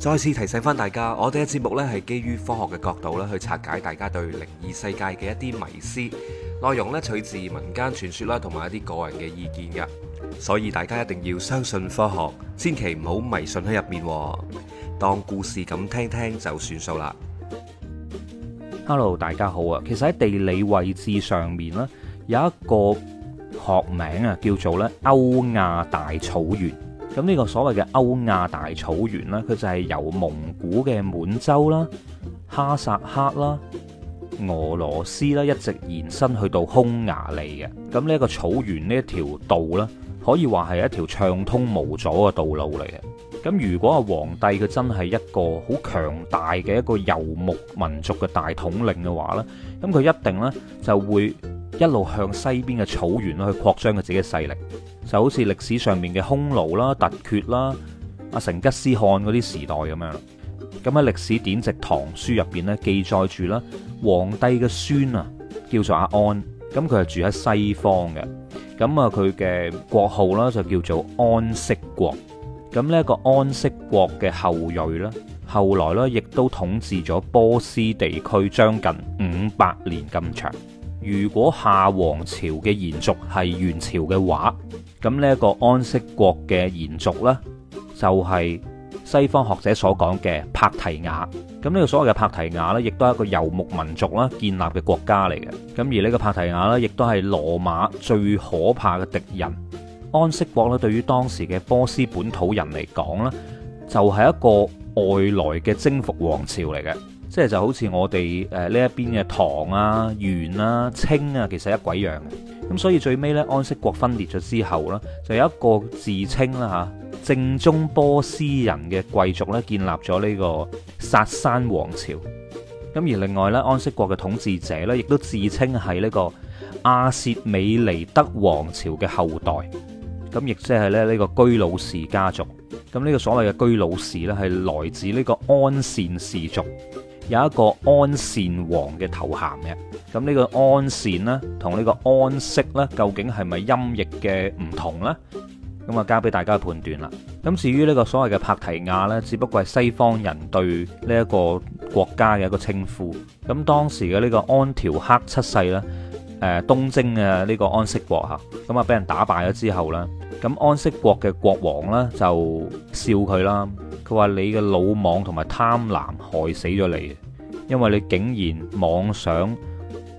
再次提醒返大家，我哋嘅節目呢係基於科學嘅角度呢去拆解大家對靈異世界嘅一啲迷思，內容呢取自民間傳說啦，同埋一啲個人嘅意見嘅，所以大家一定要相信科學，千祈唔好迷信喺入面，當故事咁聽聽就算數啦。Hello，大家好啊！其實喺地理位置上面呢，有一個學名啊，叫做呢歐亞大草原。咁呢個所謂嘅歐亞大草原啦，佢就係由蒙古嘅滿洲啦、哈薩克啦、俄羅斯啦，一直延伸去到匈牙利嘅。咁呢個草原呢條道啦，可以話係一條暢通無阻嘅道路嚟嘅。咁如果個皇帝佢真係一個好強大嘅一個遊牧民族嘅大統領嘅話咧，咁佢一定呢就會一路向西邊嘅草原去擴張佢自己嘅勢力。就好似歷史上面嘅匈奴啦、突厥啦、阿成吉思汗嗰啲時代咁樣。咁喺歷史典籍《唐書》入邊呢，記載住啦，皇帝嘅孫啊叫做阿安，咁佢係住喺西方嘅。咁啊佢嘅國號啦就叫做安息國。咁呢個安息國嘅後裔呢，後來呢，亦都統治咗波斯地區將近五百年咁長。如果夏王朝嘅延續係元朝嘅話，咁呢一個安息國嘅延續咧，就係西方學者所講嘅帕提亞。咁呢個所謂嘅帕提亞咧，亦都係一個游牧民族啦建立嘅國家嚟嘅。咁而呢個帕提亞咧，亦都係羅馬最可怕嘅敵人。安息國咧，對於當時嘅波斯本土人嚟講咧，就係一個外來嘅征服王朝嚟嘅。即係就好似我哋誒呢一邊嘅唐啊、元啊、清啊，其實一鬼樣嘅。咁所以最尾咧，安息國分裂咗之後呢，就有一個自稱啦嚇正宗波斯人嘅貴族呢，建立咗呢個薩珊王朝。咁而另外呢，安息國嘅統治者呢，亦都自稱係呢個阿薛美尼德王朝嘅後代。咁亦即係咧，呢個居魯士家族。咁呢個所謂嘅居魯士呢，係來自呢個安善氏族。有一個安善王嘅頭銜嘅，咁呢個安善呢，同呢個安息呢，究竟係咪音譯嘅唔同呢？咁啊，交俾大家判斷啦。咁至於呢個所謂嘅帕提亞呢，只不過係西方人對呢一個國家嘅一個稱呼。咁當時嘅呢個安條克七世呢，誒東征嘅呢個安息國嚇，咁啊俾人打敗咗之後呢。咁安息國嘅國王呢，就笑佢啦。佢話：你嘅魯莽同埋貪婪害死咗你，因為你竟然妄想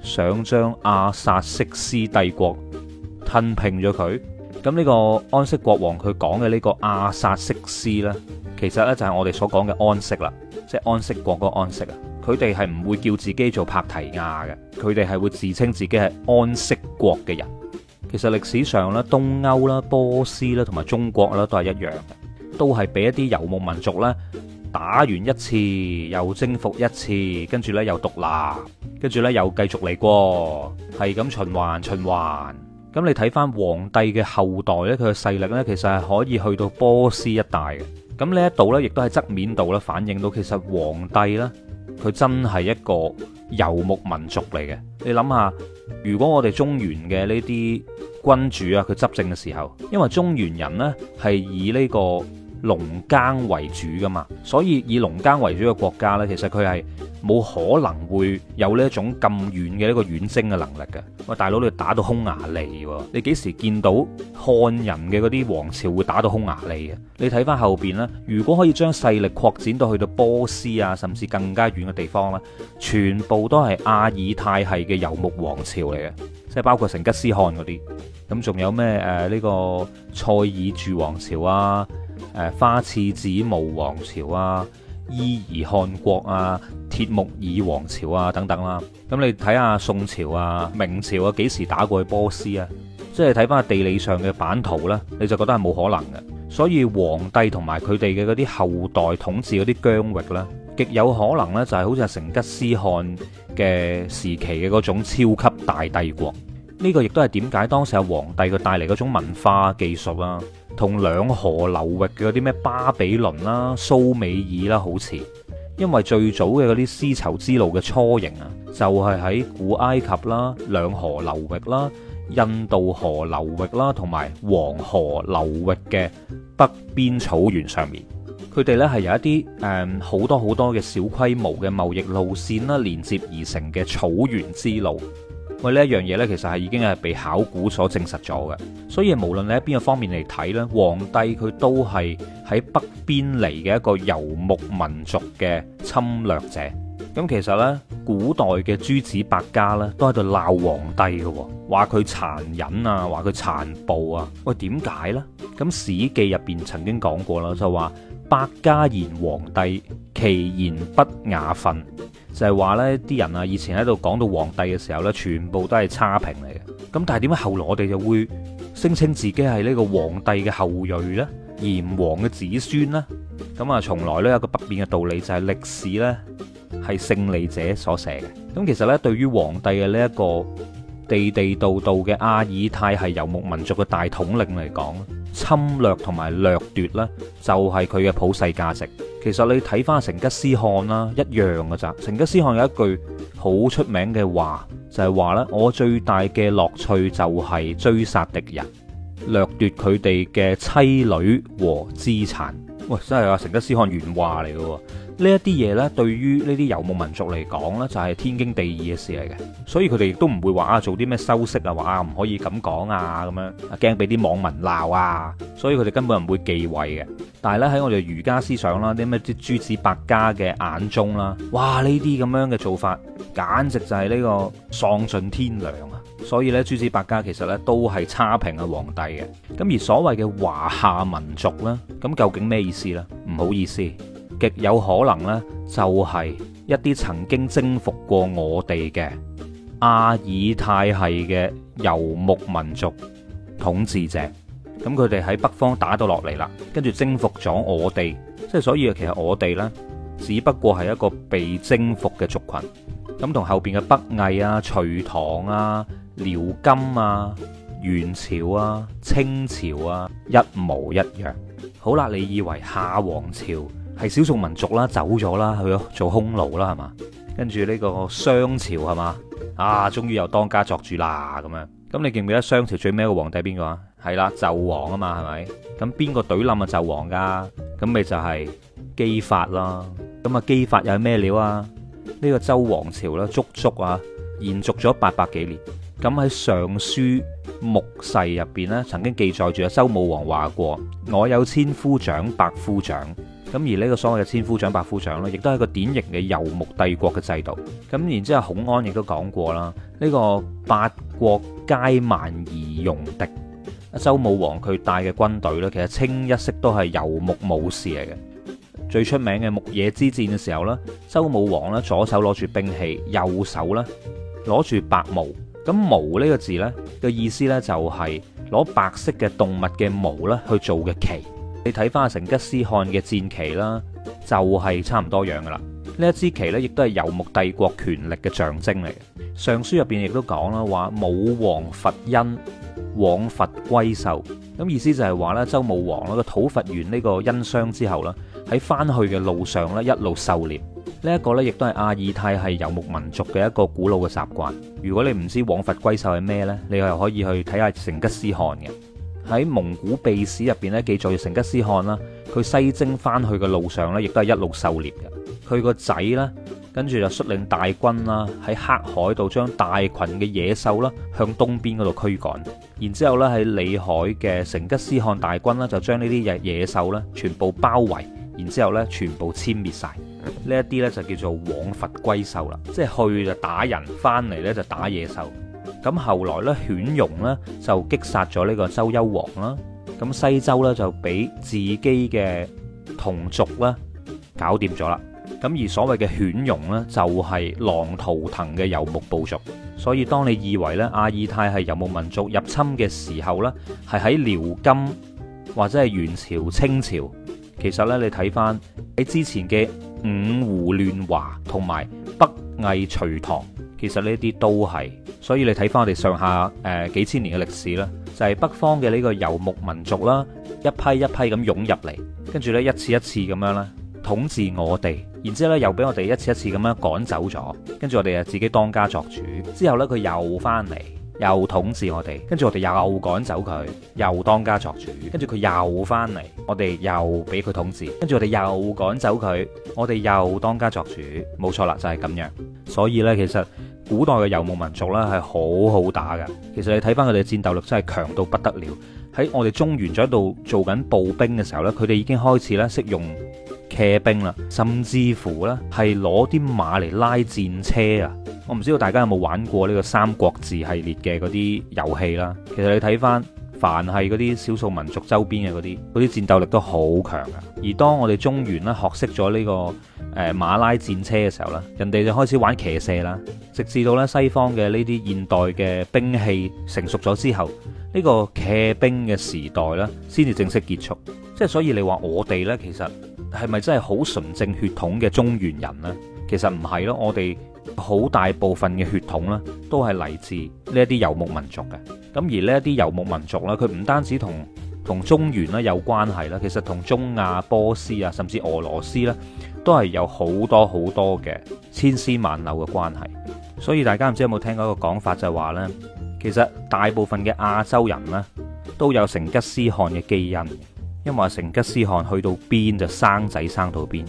想將阿殺色斯帝國吞併咗佢。咁呢個安息國王佢講嘅呢個阿殺色斯咧，其實呢就係我哋所講嘅安息啦，即係安息國嗰個安息啊。佢哋係唔會叫自己做帕提亞嘅，佢哋係會自稱自己係安息國嘅人。其實歷史上咧，東歐啦、波斯啦同埋中國啦都係一樣。都係俾一啲遊牧民族呢打完一次，又征服一次，跟住呢又獨立，跟住呢又繼續嚟過，係咁循環循環。咁你睇翻皇帝嘅後代呢，佢嘅勢力呢，其實係可以去到波斯一帶嘅。咁呢一度呢，亦都喺側面度呢反映到，其實皇帝呢，佢真係一個遊牧民族嚟嘅。你諗下，如果我哋中原嘅呢啲君主啊，佢執政嘅時候，因為中原人呢，係以呢個農耕為主㗎嘛，所以以農耕為主嘅國家呢，其實佢係冇可能會有呢一種咁遠嘅呢個遠征嘅能力嘅。喂，大佬你打到匈牙利喎？你幾時見到漢人嘅嗰啲王朝會打到匈牙利啊？你睇返後邊咧，如果可以將勢力擴展到去到波斯啊，甚至更加遠嘅地方啦，全部都係阿爾泰系嘅遊牧王朝嚟嘅，即係包括成吉思汗嗰啲。咁仲有咩誒？呢、呃呢個塞爾柱王朝啊？誒花剌子模王朝啊、伊兒汗國啊、鐵木爾王朝啊等等啦，啊，咁你睇下宋朝啊、明朝啊幾時打過去波斯啊？即係睇翻地理上嘅版圖咧，啊，你就覺得係冇可能嘅。所以皇帝同埋佢哋嘅嗰啲後代統治嗰啲疆域咧，極有可能咧就係好似成吉思汗嘅時期嘅嗰種超級大帝國。呢個亦都係點解當時阿皇帝佢帶嚟嗰種文化技術啊，同兩河流域嘅啲咩巴比倫啦、蘇美爾啦好似，因為最早嘅嗰啲絲綢之路嘅雛形啊，就係喺古埃及啦、兩河流域啦、印度河流域啦，同埋黃河流域嘅北邊草原上面，佢哋呢係有一啲誒好多好多嘅小規模嘅貿易路線啦，連接而成嘅草原之路。喂，呢一樣嘢呢，其實係已經係被考古所證實咗嘅。所以無論你喺邊個方面嚟睇呢，黃帝佢都係喺北邊嚟嘅一個遊牧民族嘅侵略者。咁其實呢，古代嘅諸子百家呢，都喺度鬧黃帝嘅，話佢殘忍啊，話佢殘暴啊。喂，點解呢？咁《史記》入邊曾經講過啦，就話係百家言黃帝，其言不雅馴。就係話呢啲人啊，以前喺度講到黃帝嘅時候呢，全部都係差評嚟嘅。咁但係點解後來我哋就會聲稱自己係呢個黃帝嘅後裔呢？炎黃嘅子孫呢？咁啊，從來呢，有個不變嘅道理就係歷史呢係勝利者所寫嘅。咁其實呢，對於黃帝嘅呢一個地地道道嘅阿爾泰系遊牧民族嘅大統領嚟講，侵略同埋掠奪呢，就係佢嘅普世價值。其實你睇翻成吉思汗啦，一樣㗎咋。成吉思汗有一句好出名嘅話，就係話呢我最大嘅樂趣就係追殺敵人，掠奪佢哋嘅妻女和資產。喂，真係啊，成吉思汗原話嚟嘅。呢一啲嘢呢，對於呢啲遊牧民族嚟講呢就係天經地義嘅事嚟嘅，所以佢哋亦都唔會話啊做啲咩修飾啊，話啊唔可以咁講啊，咁樣啊驚俾啲網民鬧啊，所以佢哋根本唔會忌諱嘅。但係咧喺我哋儒家思想啦，啲咩啲諸子百家嘅眼中啦，哇呢啲咁樣嘅做法，簡直就係呢個喪盡天良啊！所以呢，諸子百家其實呢，都係差評嘅皇帝嘅。咁而所謂嘅華夏民族咧，咁究竟咩意思呢？唔好意思。極有可能呢，就係一啲曾經征服過我哋嘅阿爾泰系嘅游牧民族統治者。咁佢哋喺北方打到落嚟啦，跟住征服咗我哋，即係所以其實我哋呢，只不過係一個被征服嘅族群。咁同後邊嘅北魏啊、隋唐啊、遼金啊、元朝啊、清朝啊一模一樣。好啦，你以為夏王朝？係少數民族啦，走咗啦，去咗做匈奴啦，係嘛？跟住呢個商朝係嘛？啊，終於又當家作主啦咁樣。咁你記唔記得商朝最尾一個皇帝係邊個啊？係啦，紂王啊嘛，係咪？咁邊個懟冧啊紂王噶？咁咪就係姬發咯。咁啊，姬發又係咩料啊？呢、這個周王朝咧，足足啊延續咗八百幾年。咁喺《尚書牧誓》入邊咧，曾經記載住啊，周武王話過：我有千夫長，百夫長。咁而呢個所謂嘅千夫長、百夫長呢，亦都係一個典型嘅遊牧帝國嘅制度。咁然之後，孔安亦都講過啦，呢、這個八國皆萬而用敵。周武王佢帶嘅軍隊呢，其實清一色都係遊牧武士嚟嘅。最出名嘅牧野之戰嘅時候呢，周武王呢，左手攞住兵器，右手呢攞住白毛。咁毛呢個字呢，嘅意思呢，就係攞白色嘅動物嘅毛呢去做嘅旗。你睇翻阿成吉思汗嘅戰旗啦，就係、是、差唔多樣噶啦。一呢一支旗咧，亦都係遊牧帝國權力嘅象徵嚟嘅。上書入邊亦都講啦，話武王伐殷、往伐歸狩。咁意思就係話咧，周武王啦，個討伐完呢個殷商之後啦，喺翻去嘅路上咧，一路狩獵。這個、呢一個咧，亦都係阿爾泰系遊牧民族嘅一個古老嘅習慣。如果你唔知往伐歸狩係咩呢，你又可以去睇下成吉思汗嘅。喺蒙古秘史入邊咧，記載，成吉思汗啦，佢西征翻去嘅路上咧，亦都係一路狩獵嘅。佢個仔咧，跟住就率領大軍啦，喺黑海度將大群嘅野獸啦，向東邊嗰度驅趕。然之後咧，喺裏海嘅成吉思汗大軍呢，就將呢啲野野獸咧，全部包圍，然之後咧，全部殲滅晒。呢一啲咧就叫做往佛歸獸啦，即係去就打人，翻嚟咧就打野獸。咁後來咧，犬戎咧就擊殺咗呢個周幽王啦。咁西周咧就俾自己嘅同族咧搞掂咗啦。咁而所謂嘅犬戎咧，就係狼圖騰嘅游牧部族。所以當你以為咧阿爾泰係游牧民族入侵嘅時候，呢係喺遼金或者係元朝清朝，其實呢，你睇翻喺之前嘅五胡亂華同埋北魏隋唐。其實呢啲都係，所以你睇翻我哋上下誒、呃、幾千年嘅歷史啦，就係、是、北方嘅呢個游牧民族啦，一批一批咁湧入嚟，跟住呢一次一次咁樣啦統治我哋，然之後呢又俾我哋一次一次咁樣趕走咗，跟住我哋就自己當家作主。之後呢佢又翻嚟，又統治我哋，跟住我哋又趕走佢，又當家作主。跟住佢又翻嚟，我哋又俾佢統治，跟住我哋又趕走佢，我哋又當家作主。冇錯啦，就係、是、咁樣。所以呢，其實。古代嘅游牧民族呢係好好打㗎，其實你睇翻佢哋嘅戰鬥力真係強到不得了。喺我哋中原咗度做緊步兵嘅時候呢，佢哋已經開始呢識用騎兵啦，甚至乎呢係攞啲馬嚟拉戰車啊！我唔知道大家有冇玩過呢個《三國志》系列嘅嗰啲遊戲啦。其實你睇翻。凡係嗰啲少數民族周邊嘅嗰啲，啲戰鬥力都好強嘅。而當我哋中原咧學識咗呢個誒、呃、馬拉戰車嘅時候呢，人哋就開始玩騎射啦。直至到咧西方嘅呢啲現代嘅兵器成熟咗之後，呢、呢個騎兵嘅時代咧先至正式結束。即係所以你話我哋呢，其實係咪真係好純正血統嘅中原人呢？其實唔係咯，我哋好大部分嘅血統咧都係嚟自呢啲遊牧民族嘅。咁而呢啲游牧民族咧，佢唔單止同同中原咧有關係啦，其實同中亞、波斯啊，甚至俄羅斯咧，都係有好多好多嘅千絲萬縷嘅關係。所以大家唔知有冇聽過一個講法，就係話呢，其實大部分嘅亞洲人咧都有成吉思汗嘅基因，因為成吉思汗去到邊就生仔生到邊。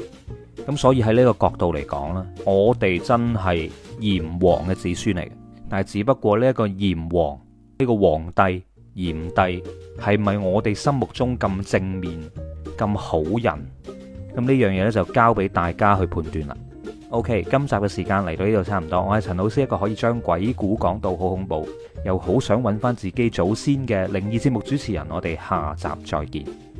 咁所以喺呢個角度嚟講咧，我哋真係炎黃嘅子孫嚟嘅。但係，只不過呢一個炎黃。呢個皇帝炎帝係咪我哋心目中咁正面咁好人？咁呢樣嘢呢，就交俾大家去判斷啦。OK，今集嘅時間嚟到呢度差唔多。我係陳老師，一個可以將鬼故講到好恐怖，又好想揾翻自己祖先嘅靈異節目主持人。我哋下集再見。